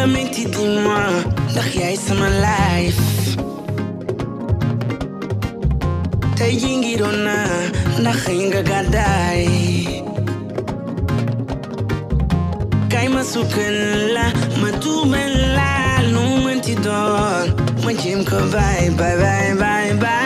complimenti dis-moi ndax yaay sama life tey jii ngi doon naa ndax xëy nga gàddaay kay ma sukkal la ma tuubal la lu mënti doon ma jéem ko bye bye bye bye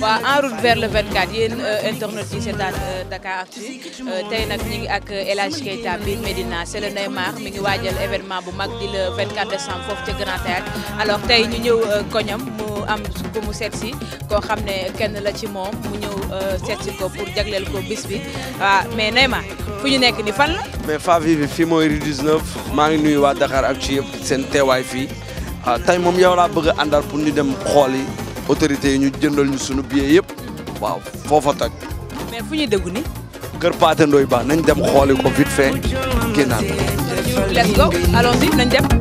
waaw en route vers le 24 yéen euh, internet yi seetaan euh, Dakaractu euh, tey nag ñu ngi ak El Hadj Keita biir Médina c'est le Neymar mi ngi waajal événement bu mag di le 24 décembre foofu ca Grand Théâtre alors tey ñu ñëw koñam mu am ku mu seet si koo xam ne kenn la ci moom mu ñëw seet si ko pour jagleel ko bis bi waaw mais Neymar fu ñu nekk ni fan la. mais Favi bi fii mooy rue 19 maa ngi nuyu waa Dakaractu yëpp seen teewaay fii ah, tey moom yow laa bëgg a àndal pour ñu dem xool yi. autorités yi ñu jëndal ñu sunu billet yëpp waaw foofa tag mais fu ñuy déglu ni kër Pathé Ba nañ dem xooli ko vite fait génnaat. let's go allons-y nañ dem.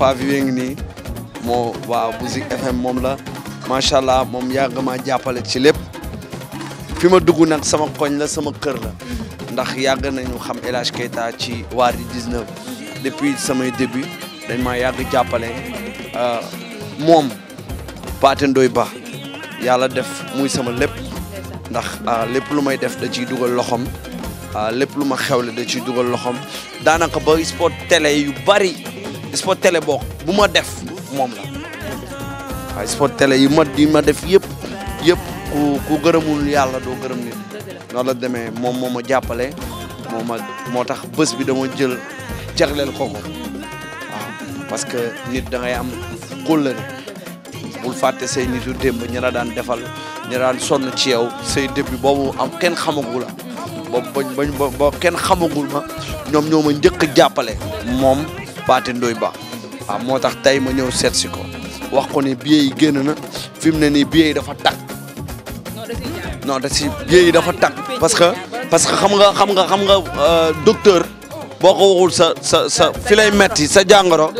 Favier ngi nii moo waaw bu moom la macha allah moom yàgg maa jàppale ci lépp fi ma dugg nag sama koñ la sama kër la ndax yàgg nañu xam El Hadj ci waar di 19 depuis samay début dañ ma yàgg jàppale euh, moom Pathé Ndoye Ba yàlla def muy sama lépp ndax euh, lépp lu may def da ciy dugal loxom euh, lépp lu ma xewle da ciy dugal loxom ba sport télé yu bari sport télé book bu ma def moom la waaye sport télé yi ma yi ma def yëpp yëpp ku ku gërëmul doo gërëm nit noonu la demee moom moo ma jàppale moo ma moo tax bés bi dama jël jagleel ko ko waaw parce que nit da ngay am kóllëre bul fàtte say nit yu démb ñi daan defal ñi daan sonn ci yow say début boobu am kenn xamagul la ba ba ba kenn xamagul ma ñoom ñoo ma njëkk jàppale moom Pathé Ndoye Ba waaw ah, moo tax tey ma ñëw seet si ko wax ko ne billet yi génn na fi mu ne nii billet dafa takk noo da si billet dafa tàkk parce que parce que xam nga xam nga xam nga euh, docteur boo ko waxul sa sa sa fi lay metti sa jàngoro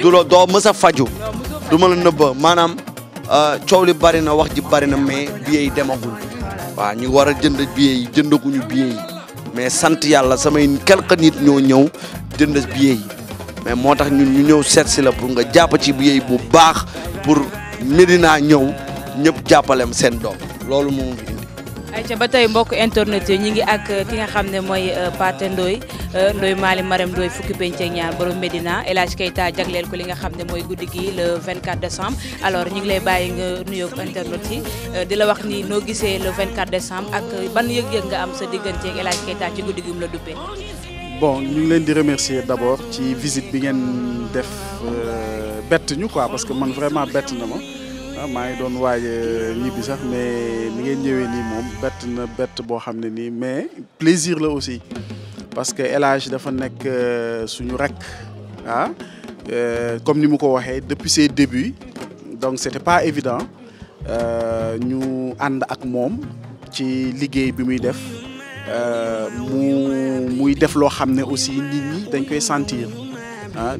du doo mës a faju du ma la nëbba maanaam euh, coow li bari na wax ji bari na mais billet yi demagul waaw ñu war a jënd billet yi jëndaguñu billet yi mais sant yàlla samay quelque nit ñoo ñëw jënd billet mais moo tax ñu ñëw seet si la pour nga jàpp ci bu yey bu baax pour Médina ñëw ñëpp jàppalem seen doom loolu moo fi indi. ayca ba tey mbokk internet yi ñu ngi ak ki nga xam ne mooy euh, Pathé Ndoye euh, Ndoye Mali Marème Ndoye fukki penc ak ñaar borom Médina El Hadj Keita jagleel ko li nga xam ne mooy guddi gi le 24 décembre alors ñu ngi lay bàyyi nga nuyoog internet yi euh, di la wax ni noo gisee le 24 décembre ak ban yëg-yëg nga am sa digganteeg El Hadj Keita ci guddi gi mu bon ñu ngi leen di remercier d' abord ci visite bi ngeen def euh, bett ñu quoi parce que man vraiment bett na ma ah maa ngi doon sax mais ni ngeen ñëwee nii moom bett na bett boo xam ne mais plaisir la aussi parce que El Hadj dafa nekk euh, suñu rakk ah euh, comme ni mu ko waxee depuis ses débuts donc c'était pas évident ñu ànd ak moom ci liggéey bi muy def mu muy def lo aussi nit ñi dañ sentir ah,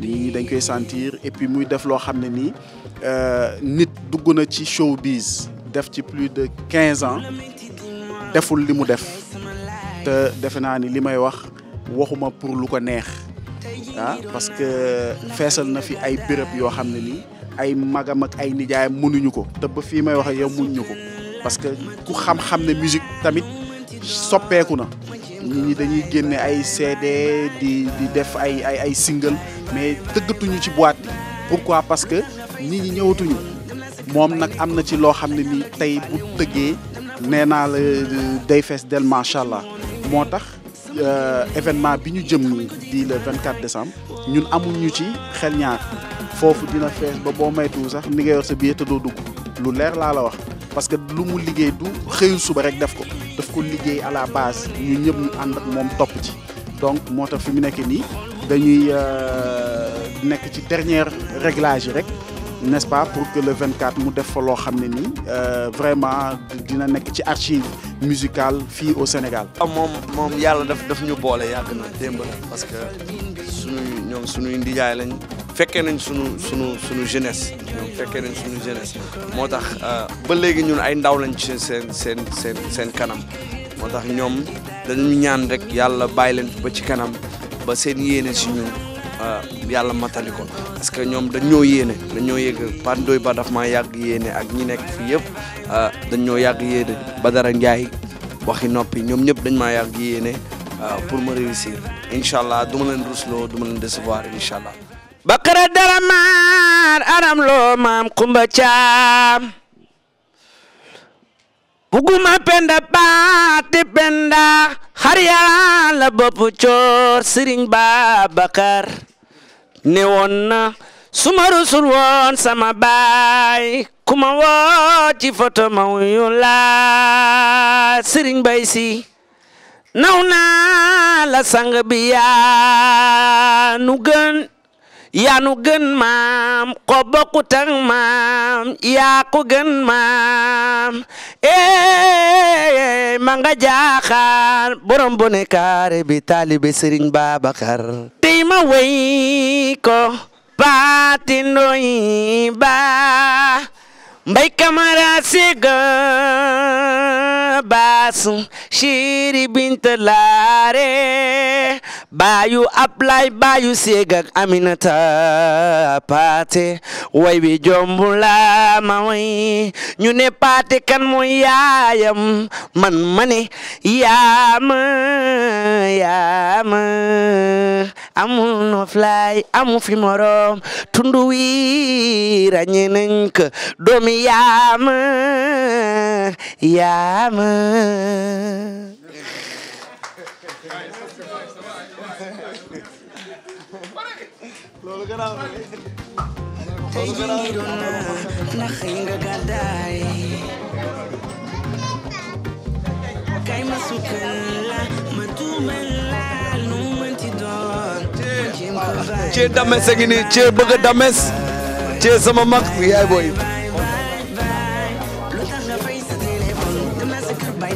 sentir et puis def lo nii euh, nit showbiz def plus de 15 ans deful def te pour lu ah, parce que fessel na fi ay yo xamné ni ay magam ak ay nijaay mënuñu ko te ba fi may wax parce que ku xam musique nit ñi dañuy génne ay CD di def ay ay ay single mais tëggatuñu ci boîte bi pourquoi parce que nit ñi ñëwatuñu moom nag am na ci loo xam ne ni tey bu tëggee nee naa la euh, day fees del macha allah moo tax euh, événement bi ñu jëm di le 24 décembre ñun amuñu ci xel ñaar foofu dina fees ba boo maytuwul sax ni nga yor sa billet te doo dugg lu leer laa la wax parce que lu mu liggéey du xëyul suba rek def ko. daf ko liggéey à la base ñu ñëpp ñu ànd ak moom topp ci donc moo tax fi mu nekk nii dañuy euh, nekk ci dernier réglage yi rek n'est-ce pas pour que le 24 mu def fa loo xam ne nii euh, vraiment dina nekk ci archive musicale fii au Sénégal. waaw ah, moom moom yàlla daf daf ñu boole yàgg na démb parce que suñuy ñoom suñuy ndijaay lañ. fekkee nañ sunu sunu sunu jeunesse ñoom fekkee nañ sunu jeunesse moo tax euh, ba léegi ñun ay ndaw lañ ci seen seen seen seen kanam moo tax ñoom dañu ñaan rek yàlla bàyyi leen ba ci kanam ba seen yéene si ñun euh, yàlla matali ko parce que ñoom dañoo yéene dañoo yëg Pape Ndoye Ba daf maa yàgg yéene ak ñi nekk fii yëpp euh, dañoo yàgg yéene Badara Ndiaye waxi noppi ñoom ñëpp dañ maa yàgg yéene pour ma réussir incha allah du ma leen rusloo du ma leen décevoir incha allah. Bakara Daraman aram loo maam Kumba Caam buguma penda baati penda xar yàlla la bopp coor Sëriñ Babakar ne woon na suma rusul woon sama baay kuma woo ci foto ma wuyu la Bay Si naw naa la sang bi yaa nu yanu gën maam ko bokkutang maam yaa gën maam eh ma nga jaaxaan borom bone kaare bi taalibe Serigne Babacar tey ma wey ko baatindooy ba Mbay Kamara Sega Basu Shiri Binta Laare Bayu Ablay Bayu Sega Aminata Paate way wi jombula ma way ñu ne Paate kan mooy yaayam man ma ne yaama yaama amul noflaay amu fi morom tundu wi ràññee doomi yaa ma yaa ma tey jii ngi doon naa ndax yi nga gàddaay kay ma sukkal la ma tuubal la nu mënti doon cee dames a ngi nii cee bëgg a dames cee sama mag yaay booy na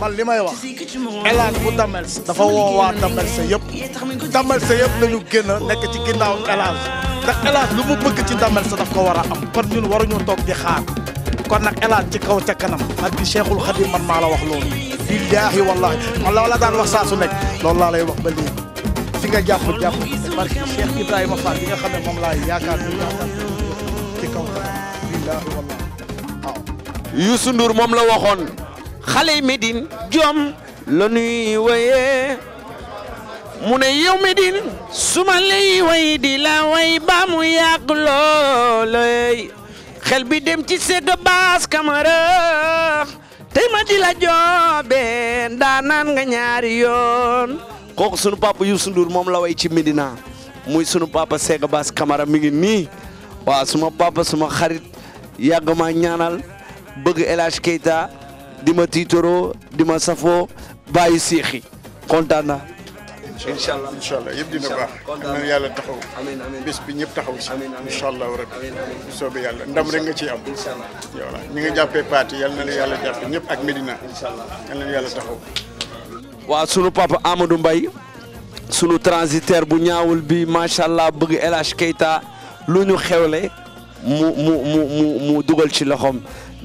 man li may wax El Hadj bu Damels dafa woo waa Damels yëpp Damels yëpp nañu génn nekk ci ginnaaw El Hadj ndax El Hadj lu mu bëgg ci Damels daf ko war a am kon ñun waruñu toog di xaar kon nag El Hadj ci kaw ca kanam ak di Cheikhul man maa la wax loolu billaahi wallaahi man la daan wax saa su nekk loolu laa lay wax ba léegi fi nga jàpp jàpp barke Cheikh Ibrahima Fall bi nga xam ne moom laa yaakaar ñu yaakaar ci kanam Youssou Ndour mom la waxon xalé medine jom la nuy wayee mune yow medine suma lay way di la way ba mu yak xel bi dem ci sedd baas kamara tey ma di la da nan nga ñaar yoon kooku sunu papa mom la way ci medina muy sunu papa Sega Bass Camara mi ngi ni wa suma papa suma xarit yàgg ñaanal bëgg El Hadj Keita di ma tiitoroo di ma safoo bàyyi siixi kontaan na incha allah incha yëpp dina baax. kontaan na yàlla taxaw. amiin bi ñëpp taxaw si. amiin amiin incha rabbi. yàlla ndam rek nga ciy am. incha allah yow la ñu ngi jàppee parti na la yàlla jàppee ñëpp ak Medina. incha allah yal na la yàlla taxaw. waa sunu papa Amadou Mbaye sunu transitaire bu ñaawul bi macha allah bëgg El Hadj Keita lu ñu xewle mu mu mu mu mu dugal ci loxoom.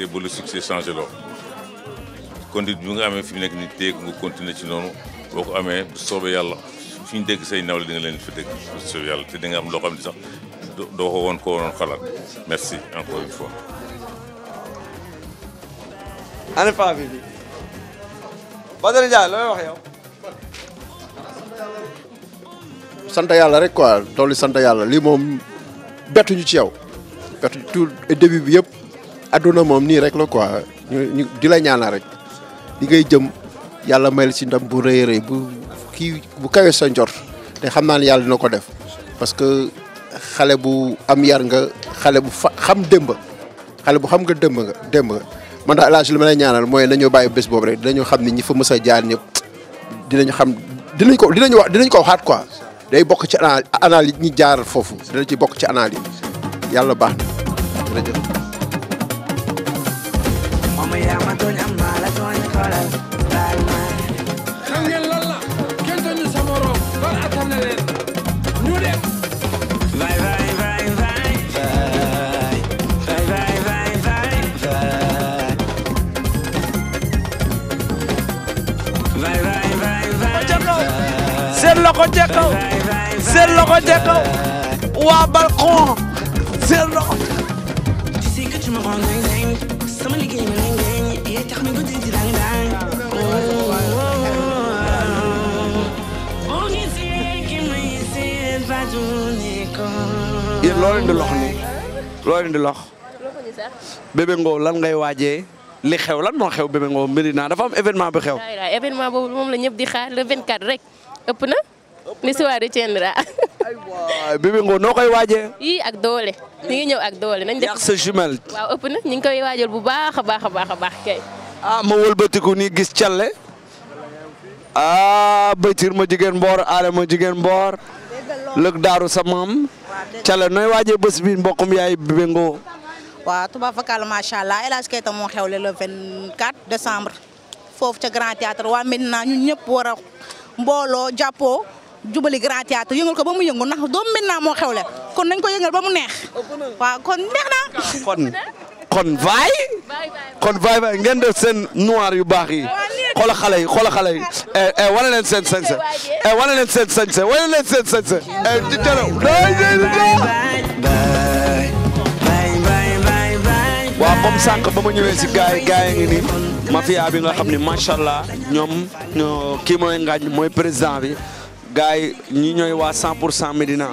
continuité pour le succès changé loo conduite bi nga amee fi mu nekk nii téye continuer ci noonu boo ko amee bu soobee yàlla fi ñu dégg say nawle di nga leen fa dégg bu soobee yàlla te di nga am loo xam ne sax doo ko woon ko woon xalaat merci encore une fois. ana paa bi bi Badara Dia looy wax yow. sant yàlla rek quoi doli dolli Yalla li mom bettu ñu ci yow bettu tout début bi yëpp. adduna moom nii rek la quoi ñu di la ñaanal rek li ngay jëm yàlla mayal si ndam bu rëy rëy bu kii bu kawe sa njort te xam naa ne yàlla dina ko def parce que xale bu am yar nga xale bu fa xam démb xale bu xam nga démb nga démb nga man daal laaj li ma lay ñaanal mooy nañoo bàyyi bés boobu rek dinañu xam ni ñi fa mës jaar ñëpp dinañu xam dinañ ko dinañ wax dinañ ko waxaat quoi day bokk ci analyse ñi jaar foofu dina ci bokk ci yi yàlla baax na قيامة عمالة انقلب بالمال خلني الله كنت نسمرو قرعة Tu sais que tu me rends dingue, dingue, ça les gagne, chắc mình cứ đi thì đang đang yéen loo leen di lox ni loo leen di lox bébé Ngoo lan ngay waajee li xew lan moo xew bébé Ngoo Médina dafa am événement bu xew événement boobu moom la ñëpp di xaar le 24 rek ëpp na l'histoire retiendra. ay wa bibi ngo nokay waje yi ak dole ni ngi ñew ak dole nañ def. sa jumel wa upp na ñing koy wajeul bu baaxa baaxa baaxa baax kay. ah ma wëlbatiku ni gis cialle ah betir ma jigen mbor aale ma jigen mbor leuk daru sa mam cialle noy waje bes bi mbokum yaay Bébé Ngoné. waaw tubaab fakal sha allah El Hadj Keita mo xewle le 24 décembre. fofu ci Grand Théâtre waa Medina ñun ñep wara mbolo japo jubali grand théâtre yëngal ko ba mu yëngu ndax doomu maintenant moo xewle kon nañ ko yëngal ba mu neex waaw kon neex na. kon kon vaay. kon vaay vaay ngeen def seen noir yu baax yi. xoola xale yi xoola xale yi eh, eh, eh, wane leen seen sañse wane leen seen sañse wane leen seen sañse di tëraw waaw comme sànq ba ma ñëwee si gars yi gars yi ngi nii mafia bi nga xam ne macha allah ñoom kii mooy ngaañ mooy président bi gars yi ñi ñooy waa 100 pour 100 Médina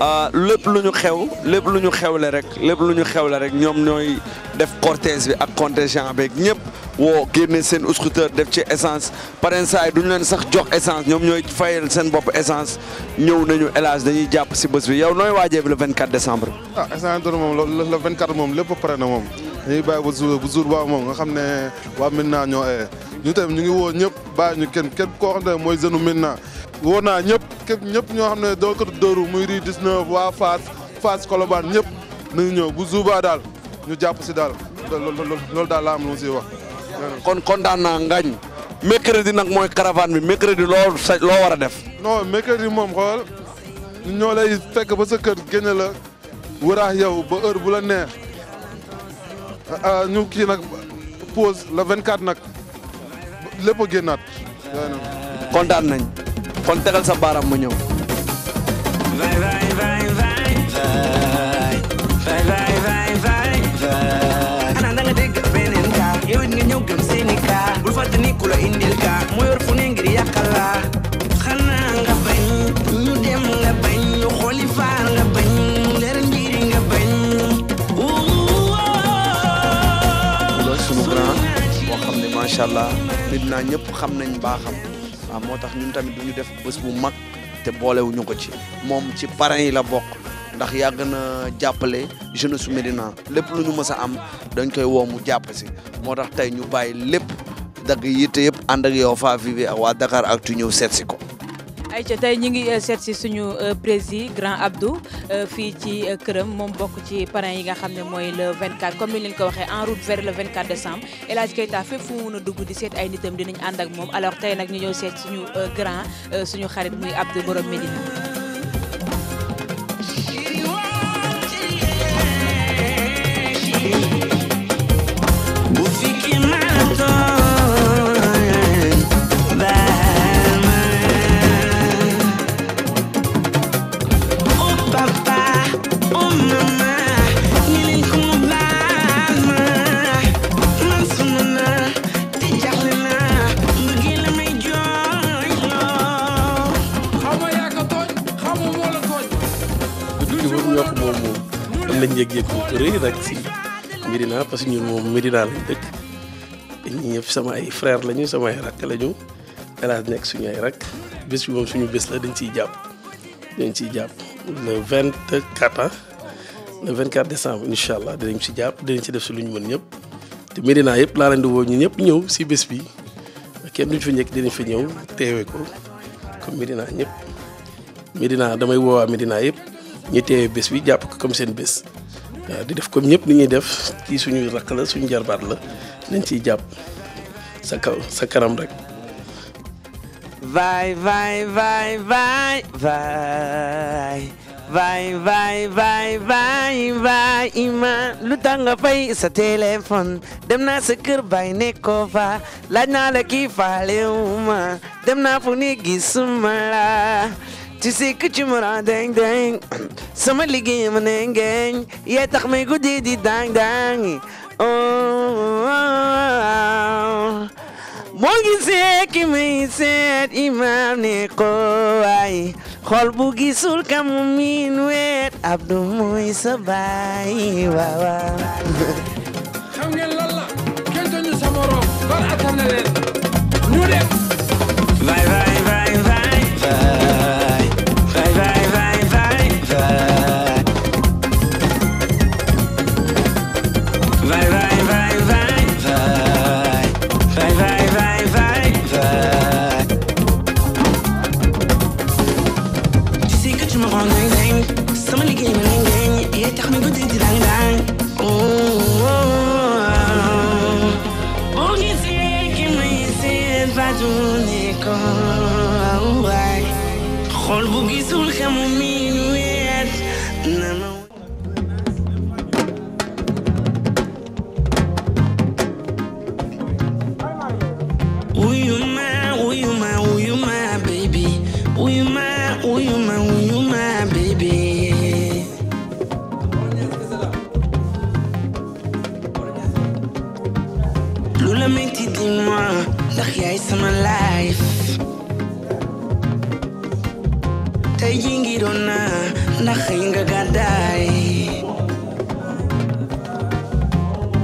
ah, lépp lu ñu xew lépp lu ñu xewle rek lépp lu ñu xewle rek ñoom ñooy def cortège bi ak contingent beeg ñëpp woo génne seen scooter def ci essence parents saa yi duñu leen sax jox essence ñoom ñooy fayal seen bopp essence ñëw nañu élage dañuy jàpp si bés bi yow nooy waajee bi le 24 décembre. ah essence moom le 24 moom lépp pare na moom. ñu ngi bàyyi ba jour ba jour boobu moom nga xam ne waa Médina ñoo ee eh, ñu tamit ñu ngi woo ñëpp bàyyi ñu kenn képp koo xam ne mooy jeune Médina woo naa ñëpp képp ñëpp ñoo xam ne doo ko dóoru muy ri 19 waa Fass Fass Colobane ñëpp nañu ñëw bu jour daal ñu jàpp si daal loolu daal laa am lu mu si wax. kon kontaan naa ngañ. mercredi nag mooy caravane bi mercredi loo sa loo war a def. non mercredi moom xool ñoo lay fekk ba sa kër génne la wëraax yow ba heure bu la neex. Euh, euh, ñu kii nag pause le 24 nag lépp a génnaat. kontaan nañ kon sa baaraam ma ñëw. inshallah nit na ñëpp xam nañ baaxam waaw moo tax ñun tamit duñu def bëss bu mag té te wuñu ko ci mom ci parrain yi la bok ndax yàgg na jappalé jeune Médina medina lepp luñu mësa am dañ koy wo mu japp ci moo tax tey ñu bàyyi lepp dag yitte yëpp and ak yow fa vivé ak waa Dakar ak tu ñew seet si ko ayca tey ñu ngi euh, seet si suñu euh, président grand Abdou euh, fii ci këram moom bokk ci parrain yi nga xam ne mooy le 24 comme ni leen ko waxee en route vers le 24 décembre El Hadj Keita fépp mu mën a dugg di seet ay nitam dinañ ànd ak moom alors tey nag ñu ñëw seet suñu grand suñu xarit muy Abdou borom Medina. parce que ñun moom Médina lañ dëkk ñi ñëpp sama ay frère lañu sama ay rakk lañu Elhadj nekk suñu ay rakk bés bi moom suñu bés la dañ ciy jàpp dañ ciy jàpp le vingt quatre ans le vingt dinañ ci jàpp dinañ ci def si lu ñu mën ñëpp te Médina yëpp laaleen leen di woo ñu ñëpp ñëw si bés bi kenn duñ fa njëkk dinañ fa ñëw teewe ko comme Médina ñëpp Médina damay woowaa Médina yëpp ñu teewe bés bi jàpp ko comme seen bés. di def ko ñëpp ni def ci suñuy rakk la suñu jarbaat la nañ ciy jàpp sa kaw sa kanam rek. vaay vaay vaay vaay vaay vaay vaay lu tax nga fay sa téléphone dem naa sa kër bay nekko fa laaj naa la kii faale wu dem naa fu ni gisuma la Txisik tximura deng deng Sama ligi maneng geng Yetak di dang dang Oh Mogi se ki me set imam ne koai bugi sul kamu minwet Abdu muy sabai wawa Xam ngeen lan la kenn duñu sa morom kon atam na leen ñu dem Vai vai vai vai na na ringa gadai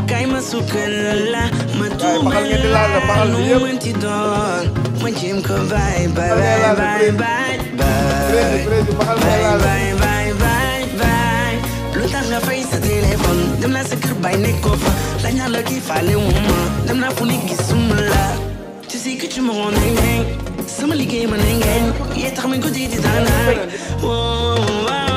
vai, vai. la matu bela no menti dor Manjim ko bye bye bye bye bye bye bye bye bye bye bye na face telefon Dem na sekir bay ne kofa Lanya lagi fale wuma Dem na funi gisumla Tu sais que tu me rends dingue Some the game and ling, yeah, come and good eat it.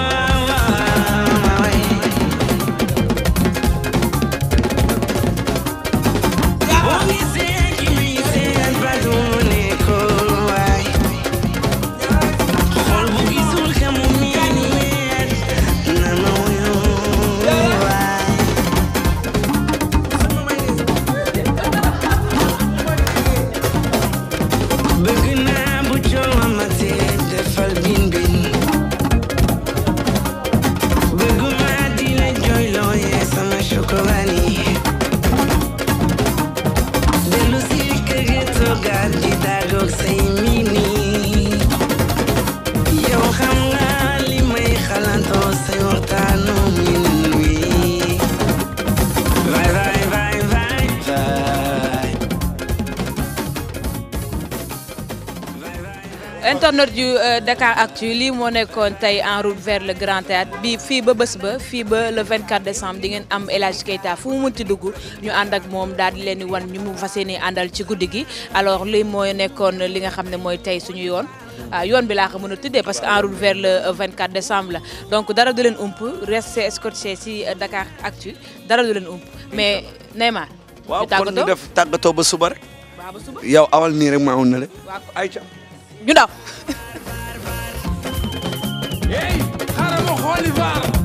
Euh, Dakar Actu lii moo nekkoon tey en route vers le Grand Théâtre bi fi ba bés ba fi ba le 24 décembre di ngeen am El Hadj Keita fu mu munti dugg ñu and ak mom daal di leen di wan ñu mu fas andal ci guddi gi alors li mooy nekkoon li nga xam moy tay suñu yoon. Ah, yoon bi laa ko mën a tuddee parce que en route vers le 24 euh, décembre la donc dara du leen ump resté escorté ci euh, Dakar Actu dara du leen ump mais Neymar. waaw kon ñu def tàggatoo ba suba rek. waaw ba suba yow awal nii rek ma amoon na le. waaw ayca ñu daw. hey xaaral ma xooli vaar